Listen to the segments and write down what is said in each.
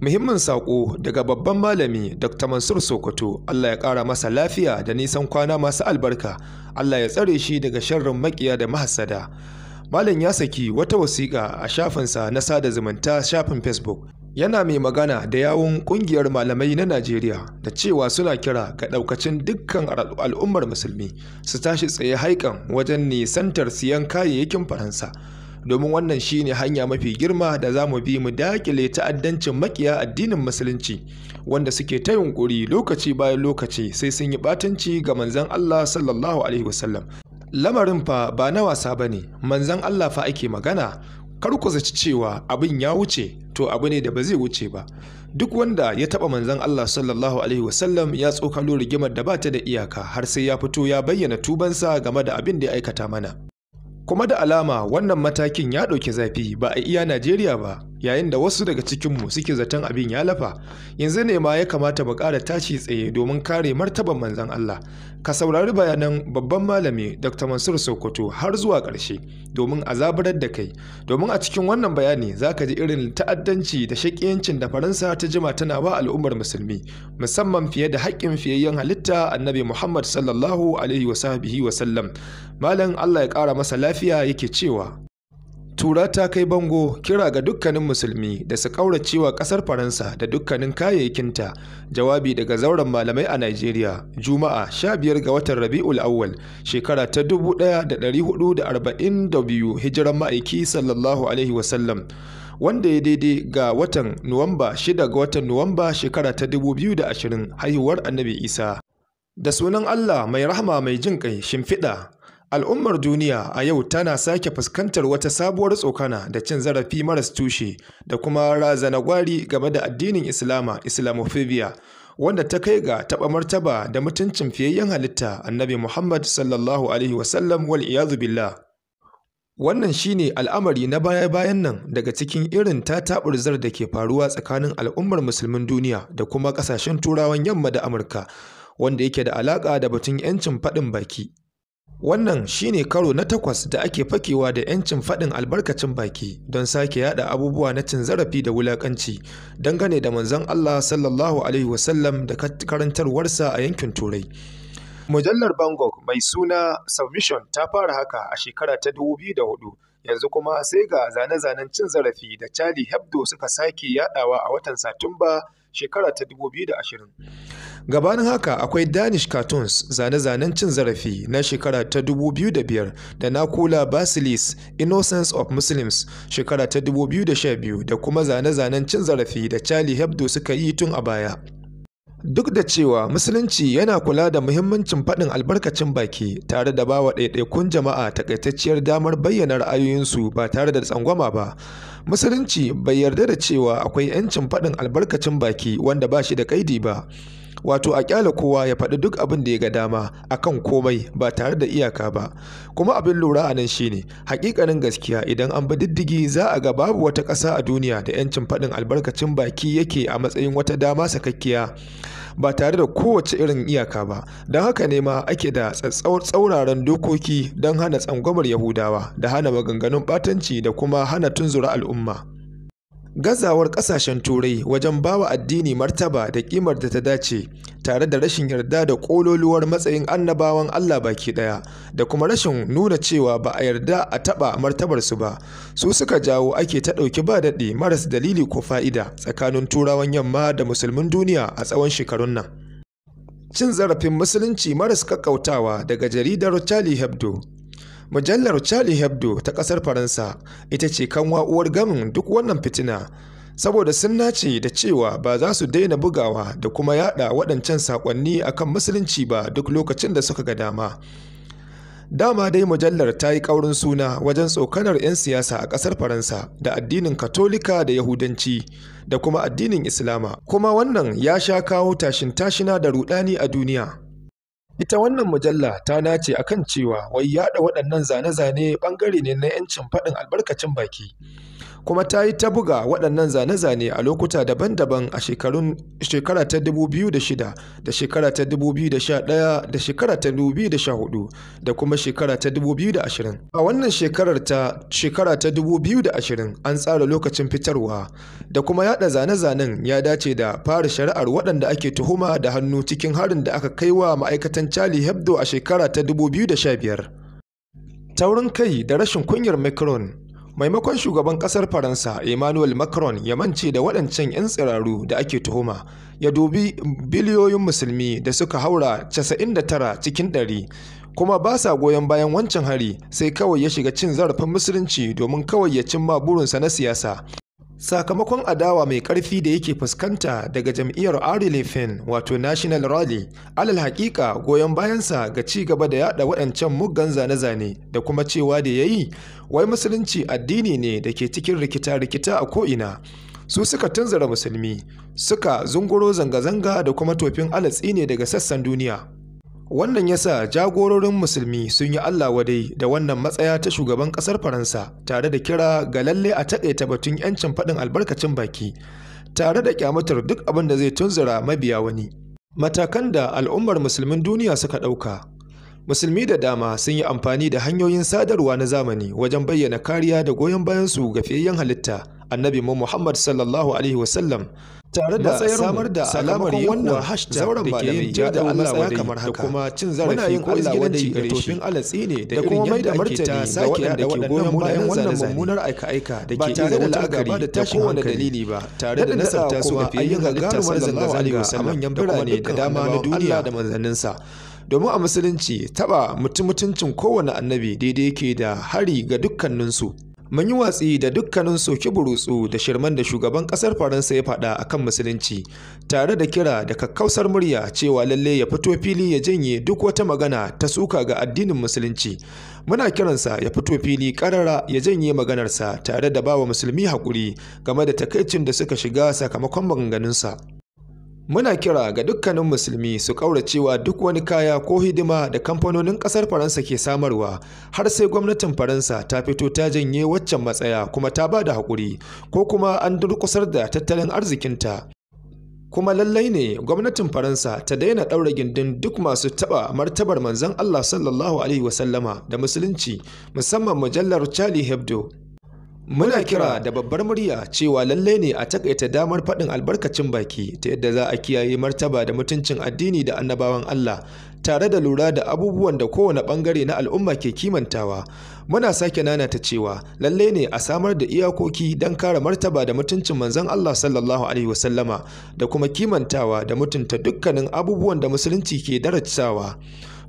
Muhimmin saƙo daga babban malami Dr. Mansur Sokoto, Allah ya ƙara masa lafiya da nisan kwana masu albarka, Allah ya tsare shi daga sharrin maƙiya da mahasada. Malam ya saki wata wasiƙa a shafinsa na sada zumunta shafin Facebook. Yana mai magana da yawun ƙungiyar malamai na Najeriya da cewa suna kira ga ɗaukacin dukkan al'ummar musulmi su tashi tsaye haikan wajen nisantar siyan kayayyakin Faransa. domin wannan shi ne hanya mafi girma da za mu bi mu dakile ta'addancin makiya addinin musulunci wanda suke ta yunkuri lokaci bayan lokaci sai sun yi batanci ga manzon Allah sallallahu alaihi wasallam lamarin fa ba na wasa ba ne, manzan Allah fa ake magana kar ku zaci cewa abin ya wuce to abu ne da ba zai wuce ba duk wanda ya taba manzon Allah sallallahu alaihi wasallam ya tsokalo rigimar da ba ta da iyaka har sai ya fito ya bayyana tubansa game da abin da ya aikata mana Kuma da alama wannan matakin ya ɗauki zafi ba a iya Najeriya ba. yayin da wasu daga cikinmu suke zaton abin ya lafa yanzu ne ma ya kamata mu ƙara tashi tsaye domin kare martaban manzan Allah ka saurari bayanan babban malami Dr. Mansur Sokoto har zuwa ƙarshe domin a zaburar da kai domin a cikin wannan bayani za ka ji irin ta'addanci da shaƙiyancin da Faransa ta jima tana ba al'ummar musulmi musamman fiye da haƙƙin fiyayyen halitta Annabi Muhammad sallallahu alaihi malam Allah ya ƙara masa lafiya yake cewa tura ta kai bango kira ga dukkanin musulmi da su ƙauracewa kasar faransa da dukkanin kayayyakinta jawabi daga zauren malamai a Najeriya juma'a 15 ga watan rabi'ul awwal shekara ta 1442 hijiran ma'aiki sallallahu alaihi wasallam wanda ya daidai ga watan nuwamba 6 ga watan nuwamba shekara ta 2020 haihuwar annabi isa da sunan allah mai rahama mai jin kai shimfiɗa Al'ummar duniya a yau tana sake fuskantar wata sabuwar tsokana da cin zarafi maras tushe da kuma razana gwari game da addinin Islama Islamophobia wanda ta kai ga taɓa martaba da mutuncin fiyayyen halitta Annabi Muhammad sallallahu alaihi wasallam wal iyazu billah. Wannan shine al'amari na baya-bayan nan daga cikin irin ta-taɓar tataɓurzar da ke faruwa tsakanin al'ummar musulmin duniya da kuma ƙasashen turawan yamma da Amurka wanda yake da alaƙa da batun 'yancin faɗin baki. Wannan shine karo na takwas da ake fakewa da 'yancin faɗin albarkacin baki don sake yada abubuwa na cin zarafi da wulakanci dangane da manzon Allah sallallahu alaihi wasallam da karantarwarsa a yankin Turai. Mujallar Bangkok mai suna Submission ta fara haka a shekara ta 2004 yanzu kuma sai ga zane-zanen cin zarafi da Charlie Hebdo suka sake yadawa a watan Satumba shekara ta 2020. Gabanin haka akwai Danish Cartoons zane-zanen cin zarafi na shekara ta 2005 da Nakula Basilis Innocence of Muslims shekara ta 2012 da kuma zane-zanen cin zarafi da Charlie Hebdo suka yi tun a baya. duk da cewa musulunci yana kula da muhimmancin faɗin albarkacin baki tare da bawa ɗaiɗaikun jama'a takaitacciyar damar bayyana ra'ayoyinsu ba tare da tsangwama ba musulunci bai yarda da cewa akwai 'yancin faɗin albarkacin baki wanda ba shi da kaidi ba wato a kyala kowa ya faɗi duk abin da ya ga dama akan komai ba tare da iyaka ba kuma abin lura a nan shine hakikanin gaskiya idan an bi diddigi za a ga babu wata ƙasa a duniya da 'yancin faɗin albarkacin baki yake a matsayin wata dama sakakkiya ba tare da kowace irin iyaka ba don haka ne ma ake da tsauraran dokoki don hana tsangwamar yahudawa da hana maganganun batanci da kuma hana tunzura al'umma Gazawar ƙasashen Turai wajen bawa addini martaba da ƙimar da ta dace, tare da rashin yarda da ƙololuwar matsayin annabawan Allah baki ɗaya, da kuma rashin nuna cewa ba a yarda a taɓa martabarsu ba, su suka jawo ake ta ɗauki ba daɗi maras dalili ko fa'ida tsakanin Turawan Yamma da Musulmin duniya a tsawon shekarun nan. Cin zarafin Musulunci maras kakkautawa daga jaridar Charlie Hebdo mujallar charlie hebdo ta ƙasar faransa ita ce kan wa'uwar gamin duk wannan fitina saboda sun nace da cewa ba za su daina bugawa da kuma yada waɗancan saƙonni akan musulunci ba duk lokacin da suka ga dama dama dai mujallar ta yi ƙaurin suna wajen tsokanar 'yan siyasa a ƙasar faransa da addinin katolika da yahudanci da kuma addinin islama kuma wannan ya sha kawo tashin tashina da rudani a duniya ita wannan mujalla ta nace a kan cewa wai yaɗa waɗannan zane-zane ɓangare ne na 'yancin faɗin albarkacin baki kuma ta yi ta buga waɗannan zane-zane a lokuta daban-daban a shekara ta 2006 da shekara ta 2011 da shekara ta 2014 da kuma shekara ta 2020 a wannan shekarar ta shekara ta 2020 an tsara lokacin fitarwa da kuma yada zane-zanen ya dace da fara shari'ar waɗanda ake tuhuma da hannu cikin harin da aka kai wa ma'aikatan charlie hebdo a shekara ta 2015 taurin kai da rashin kunyar macron maimakon shugaban kasar faransa emmanuel macron ya mance da waɗancan 'yan tsiraru da ake tuhuma ya dubi biliyoyin musulmi da suka haura 99 cikin 100 kuma ba sa goyon bayan wancan hari sai kawai ya shiga cin zarafin musulunci domin kawai ya cimma burinsa na siyasa sakamakon adawa mai karfi da yake fuskanta daga jam'iyyar Arelefin wato National Rally alal haƙiƙa goyon bayansa ga ci gaba da yada waɗancan muggan zane-zane da kuma cewa da yayi wai musulunci addini ne da ke cikin rikita-rikita a ko'ina su suka tunzara musulmi suka zunguro zanga-zanga da kuma tofin alatsi ne daga sassan duniya Wannan ya sa jagororin musulmi sun yi Allah wadai da wannan matsaya ta shugaban ƙasar Faransa tare da kira ga lalle a taƙaita batun 'yancin faɗin albarkacin baki tare da kyamatar duk abin da zai tunzura mabiya wani. Matakan da al'ummar musulmin duniya suka ɗauka musulmi da dama sun yi amfani da hanyoyin sadarwa na zamani wajen bayyana kariya da goyon bayansu ga fiyayyen halitta annabi mu Muhammad sallallahu alaihi wasallam tare da samar da alamar wannan zauren malamai ya da Allah ya kamar haka kuma cin zarafi ko izgilanci da tofin alatsi ne da kuma mai da martani ga waɗanda ke goyon bayan wannan mummunar aika-aika da ke tare da la'akari da tashin wani dalili ba tare da nasarta su a fiyayyen gagarumar zanga-zanga a manyan birane da dama na duniya da manzanninsa. domin a musulunci taɓa mutum mutuncin kowane annabi daidai yake da hari ga dukkaninsu mun yi watsi da dukkanin soki burutsu da shirman da shugaban kasar faransa ya faɗa akan musulunci tare da kira da kakkausar murya cewa lalle ya fito fili ya janye duk wata magana ta suka ga addinin musulunci muna kiransa ya fito fili karara ya janye maganarsa tare da bawa musulmi haƙuri game da takaicin da suka shiga sakamakon maganganunsa Muna kira ga dukkanin musulmi su kauracewa duk wani kaya ko hidima da kamfanonin ƙasar Faransa ke samarwa har sai gwamnatin Faransa ta fito ta janye waccan matsaya kuma ta ba da haƙuri ko kuma an durƙusar da tattalin arzikinta. Kuma lallai ne gwamnatin Faransa ta daina ɗaura gindin duk masu taɓa martabar manzon Allah sallallahu Alaihi wasallama da musulunci musamman mujallar Charlie Hebdo. muna kira da babbar murya cewa lalle ne a takaita damar faɗin albarkacin baki ta yadda za a kiyaye martaba da mutuncin addini da annabawan Allah tare da lura da abubuwan da kowane ɓangare na al'umma ke kimantawa muna sake nana ta cewa lalle ne a samar da iyakoki don kare martaba da mutuncin manzon Allah sallallahu alaihi wasallama da kuma kimantawa da mutunta dukkanin abubuwan da musulunci ke darasawa.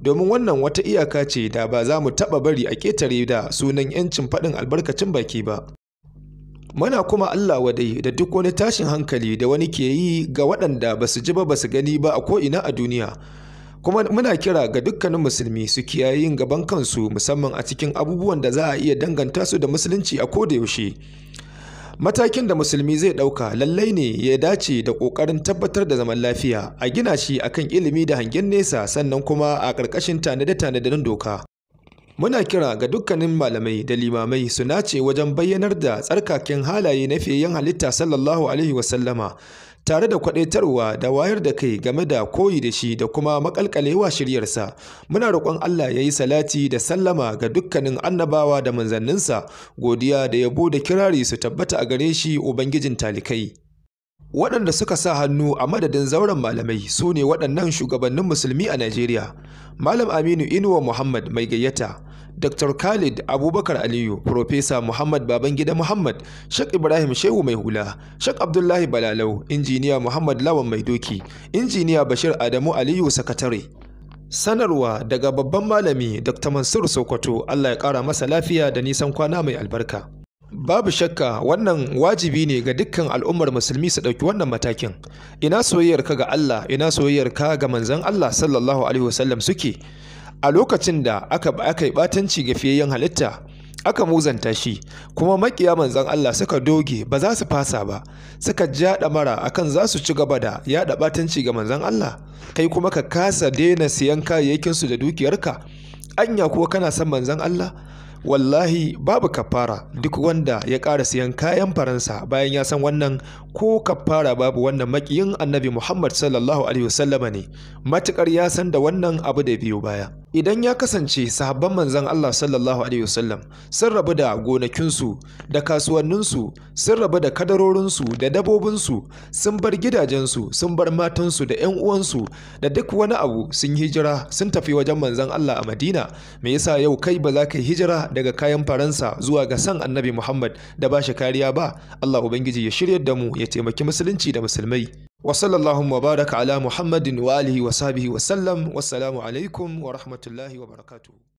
domin wannan wata iyaka ce da ba za mu taɓa bari a ƙetare da sunan 'yancin faɗin albarkacin baki ba muna kuma Allah wadai da duk wani tashin hankali da wani ke yi ga waɗanda ba su ji ba ba su gani ba a ko'ina a duniya kuma muna kira ga dukkanin musulmi su kiyaye yin gaban kansu musamman a cikin abubuwan da za a iya danganta su da musulunci a koda yaushe matakin da musulmi zai ɗauka lallai ne ya dace da ƙoƙarin tabbatar da zaman lafiya a gina shi akan ilimi da hangen nesa sannan kuma a ƙarƙashin tanade-tanaden doka muna kira ga dukkanin malamai da limamai su nace wajen bayyanar da tsarkaken halaye na fiyayyen halitta sallallahu alaihi wasallama tare da kwadaitarwa da wayar da kai game da koyi da shi da kuma makalkalewa shiryarsa muna roƙon Allah ya yi salati da sallama ga dukkanin annabawa da manzanninsa godiya da yabo da kirari su tabbata a gare shi ubangijin talikai waɗanda suka sa hannu a madadin zauren malamai su ne waɗannan shugabannin musulmi a Najeriya Malam Aminu Inuwa Muhammad mai gayyata Dr. Khalid Abubakar Aliyu, Profesa Muhammad Babangida Muhammad, Sheikh Ibrahim Shehu Mai Hula, Sheikh Abdullahi Balalau, Injiniya Muhammad Lawan Mai Doki, Injiniya Bashir Adamu Aliyu Sakatare. Sanarwa daga babban malami Dr. Mansur Sokoto, Allah ya ƙara masa lafiya da nisan kwana mai albarka. Babu shakka wannan wajibi ne ga dukkan al'ummar musulmi su ɗauki wannan matakin. Ina soyayyarka ga Allah, ina soyayyarka ga manzon Allah sallallahu alaihi wasallam suke. a lokacin da aka aka yi batanci ga fiyayyen halitta aka muzanta shi kuma makiya manzan Allah suka doge ba za su fasa ba suka ja mara akan za su ci gaba da yaɗa batanci ga manzan Allah kai kuma ka kasa daina siyan kayayyakin su da dukiyarka anya kuwa kana san manzan Allah wallahi babu kafara duk wanda ya ƙara siyan kayan faransa bayan ya san wannan ko kafara babu wannan makiyin annabi muhammad sallallahu alaihi wasallama ne matukar ya san da wannan abu da biyu baya idan ya kasance sahabban manzan Allah sallallahu alaihi wasallam sun rabu da gonakinsu da kasuwanninsu sun rabu da kadarorinsu da dabobinsu sun bar gidajensu sun bar matansu da 'yan uwansu da duk wani abu sun hijira sun tafi wajen manzan Allah a Madina me yasa yau kai ba za ka hijira daga kayan Faransa zuwa ga san Annabi Muhammad da ba shi kariya ba Allah ubangiji ya shiryar da mu ya taimaki musulunci da musulmai wa sallallahu wa baraka ala muhammadin wa alihi wa sahbihi wa sallam wassalamu alaikum wa rahmatullahi wa barakatuhu